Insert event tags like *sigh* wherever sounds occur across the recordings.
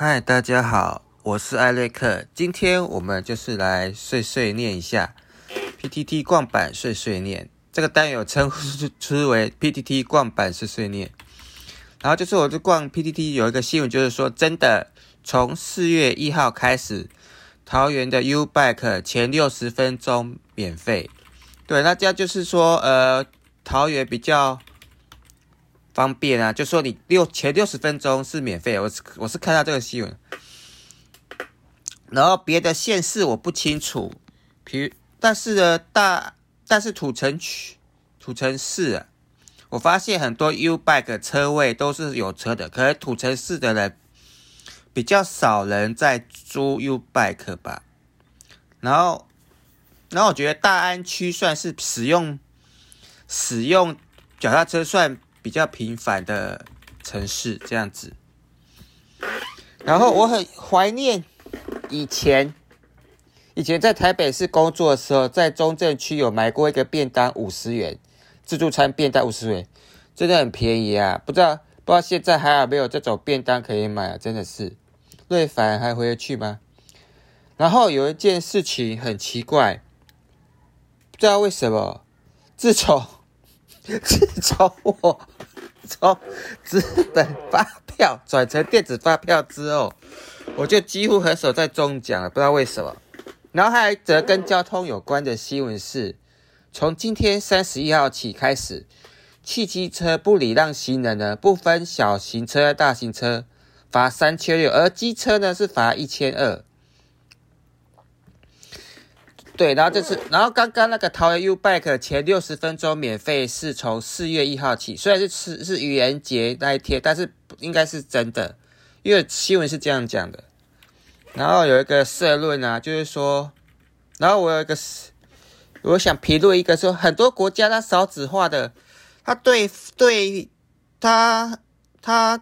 嗨，Hi, 大家好，我是艾瑞克，今天我們就是來碎碎念一下 PTT 逛板碎碎念，這個單元有稱呼稱為 PTT 逛板碎碎念。然後就是我就逛 PTT 有一個新聞，就是說真的從四月一號開始，桃園的 U Bike 前六十分鐘免費。對，那這樣就是說，呃，桃園比較方便啊，就說你六前六十分鐘是免費，我是我是看到這個新聞，然後別的縣市我不清楚，比如，但是呢大但是土城區土城市，啊，我發現很多 U bike 車位都是有車的，可是土城市的人比較少人在租 U bike 吧，然後然後我覺得大安區算是使用使用腳踏車算。比較平凡的城市這樣子，然後我很懷念以前，以前在台北市工作的時候，在中正區有買過一個便當五十元，自助餐便當五十元，真的很便宜啊！不知道不知道現在還有沒有這種便當可以買啊？真的是，瑞凡還回得去嗎？然後有一件事情很奇怪，不知道為什麼，自從。 *laughs* 自從我從紙本發票轉成電子發票之後，我就幾乎很少再中獎了，不知道為什麼。然後還有一則跟交通有關的新聞是，從今天三十一號起開始，汽機車不禮讓行人呢，不分小型車、大型車，罰三千六；而機車呢是罰一千二。對，然後這次，然後剛剛那個桃園 YouBike 前六十分鐘免費是從四月一號起，雖然是是是愚人節那一天，但是應該是真的，因為新聞是這樣講的。然後有一個社論啊，就是說，然後我有一個，我想評論一個，說很多國家它少子化的，它對對它它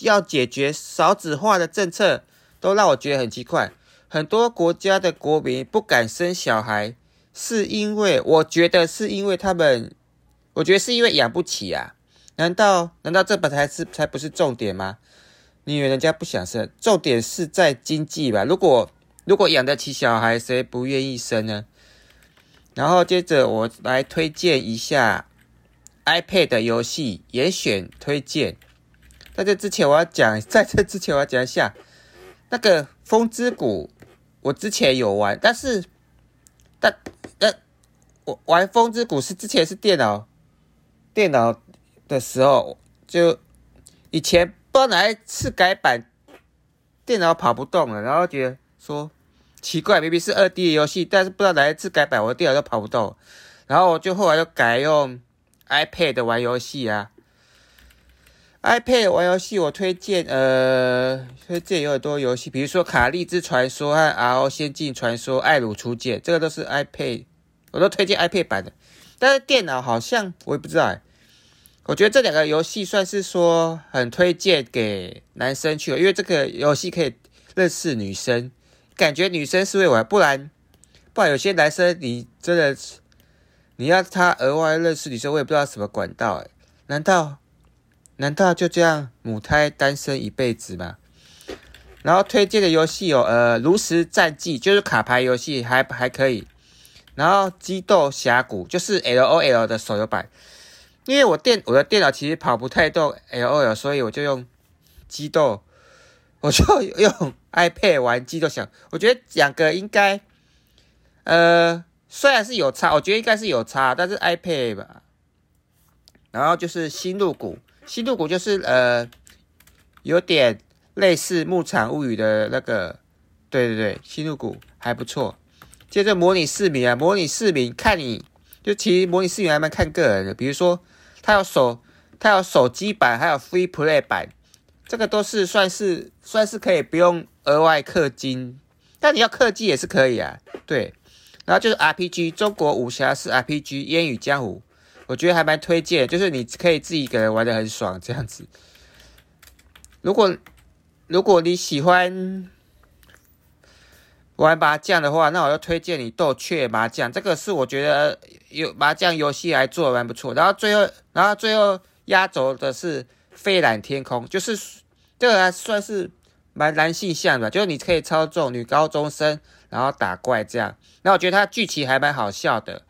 要解決少子化的政策，都讓我覺得很奇怪。很多國家的國民不敢生小孩，是因為我覺得是因為他們，我覺得是因為養不起啊？難道難道這本來是才不是重點嗎？你以為人家不想生，重點是在經濟吧？如果如果養得起小孩，誰不願意生呢？然後接着我來推薦一下 iPad 遊戲，嚴選推薦。在這之前我要講，在這之前我要講一下那個《風之谷》。我之前有玩，但是，但，但、呃、我玩《風之谷》是之前是電腦，電腦的時候就以前不知道哪一次改版，電腦跑不動了，然後覺得說奇怪，明明是二 D 的遊戲，但是不知道哪一次改版，我的電腦都跑不動，然後我就後來就改用 iPad 玩遊戲啊。iPad 玩遊戲，我推薦，呃，推薦有很多遊戲，比如說《卡莉之傳說》和《RO 仙境傳說愛如初見》，這個都是 iPad，我都推薦 iPad 版的。但是電腦好像我也不知道誒，我覺得這兩個遊戲算是說很推薦給男生去，因為這個遊戲可以認識女生，感覺女生是會玩，不然不然有些男生你真的是你要他額外認識女生，我也不知道什麼管道誒，難道？難道就這樣母胎單身一輩子嗎？然後推薦的遊戲有，呃，《爐石戰記》就是卡牌遊戲還，還還可以。然後《激鬥峽谷》就是 L O L 的手遊版，因為我電我的電腦其實跑不太動 L O L，所以我就用激鬥，aw, 我就用 iPad 玩激鬥峽。我覺得兩個應該，呃，雖然是有差，我覺得應該是有差，但是 iPad 吧。然後就是《星露谷》。星露谷就是呃，有點類似《牧場物語》的那個，對對對，星露谷還不錯。接着模擬市民啊，模擬市民看你就其實模擬市民還蠻看個人的，比如說他有手，他有手機版，還有 Free Play 版，這個都是算是算是可以不用額外氪金，但你要氪金也是可以啊，對。然後就是 RPG，中國武俠式 RPG，《煙雨江湖》。我覺得還蠻推薦，就是你可以自己一個人玩得很爽這樣子。如果如果你喜歡玩麻將的話，那我要推薦你鬥雀麻將，這個是我覺得有麻將遊戲還做得蠻不錯。然後最後，然後最後壓軸的是飛藍天空，就是這個還算是蠻男性向的，就是你可以操縱女高中生然後打怪這樣。那我覺得它劇情還蠻好笑的。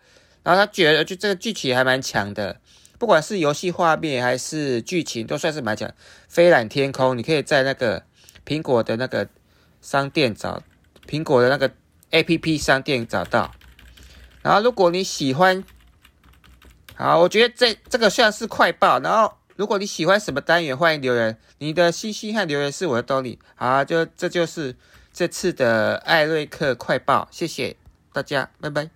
然後他覺得就這個劇情還蠻強的，不管是遊戲畫面還是劇情都算是蠻強。飛覽天空，你可以在那個蘋果的那個商店找，蘋果的那個 APP 商店找到。然後如果你喜歡，好，我覺得這這個算是快報。然後如果你喜歡什麼單元，歡迎留言，你的信息和留言是我的動力。好，就這就是這次的艾瑞克快報，謝謝大家，拜拜。